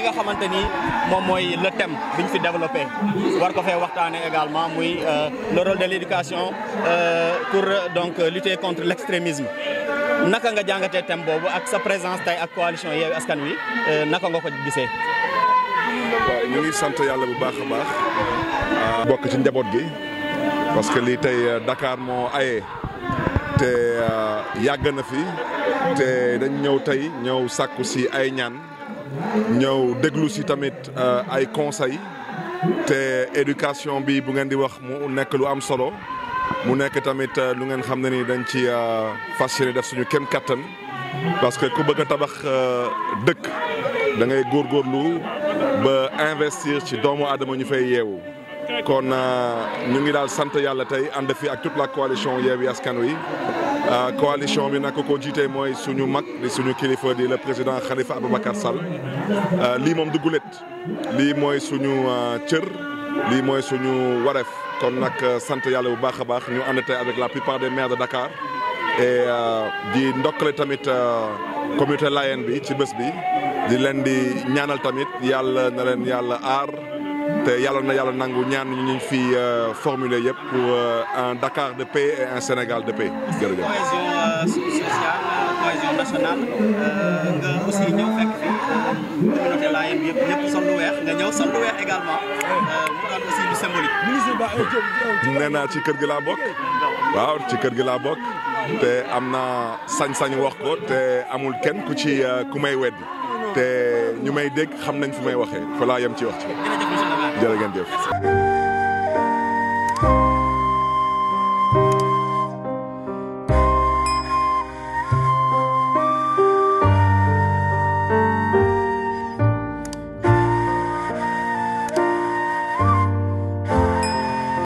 li nga xamante ni moom mooy le bi ñu fi développé war ko waxtaanee également muy euh, le rôle de euh, pour donc lutter contre l'extrémisme naka nga jàngate thème boobu ak sa présence tey ak coalition Yewwi Askan Wi euh, naka nga ko gisee. ñu ngi sant yàlla bu baax a baax. bokk ci njaboot gi parce que lii tey Dakar moo aye te yàgg na fi te dañ ñëw tey ñëw sàkku si ay ñaan. ñëw déglu si tamit euh, ay conseils te éducation bi bu ngeen di wax mu nekk lu am solo mu nekk tamit euh, lu ngeen xam ne ni dañ ci euh, fas yéene def suñu kenn kattan parce que ku bëgg a tabax dëkk dangay góor góorlu ba investir ci doomu aadama ñu fay yeewu. kon ñu ngi daal sant yàlla tey ànd fi ak toute la coalition Yewwi Askan Wi. Euh, coalition bi nag ko jiitee mooy suñu mag di suñu kilifa di le président Khalifa Ababacar Sall euh, lii moom du gulet lii mooy suñu euh, cër lii mooy suñu wareef kon nag sant yàlla bu baax a baax ñu ànd tey avec la plupart des maires de Dakar et di ndokkale tamit communauté layène bi ci bés bi di leen di ñaanal tamit yàlla na leen yàlla aar. te yàlla na yàlla nangu ñaan ñu ñu fi euh, formuler yëpp pour euh, un Dakar de paix et un Sénégal de paix. jërëjëf cohésion euh, sociale cohésion nationale nga aussi ñëw fekk fi communauté Layène également mu doon aussi lu symbolique. naa ci kër gi laa bokk. waaw ci kër gi la bokk. te am na sañ-sañ wax te amul kenn ku ci ku may weddi. te ñu may dégg xam nañ fi may waxee fa laa yem ci wax ci jërë ngeen jëf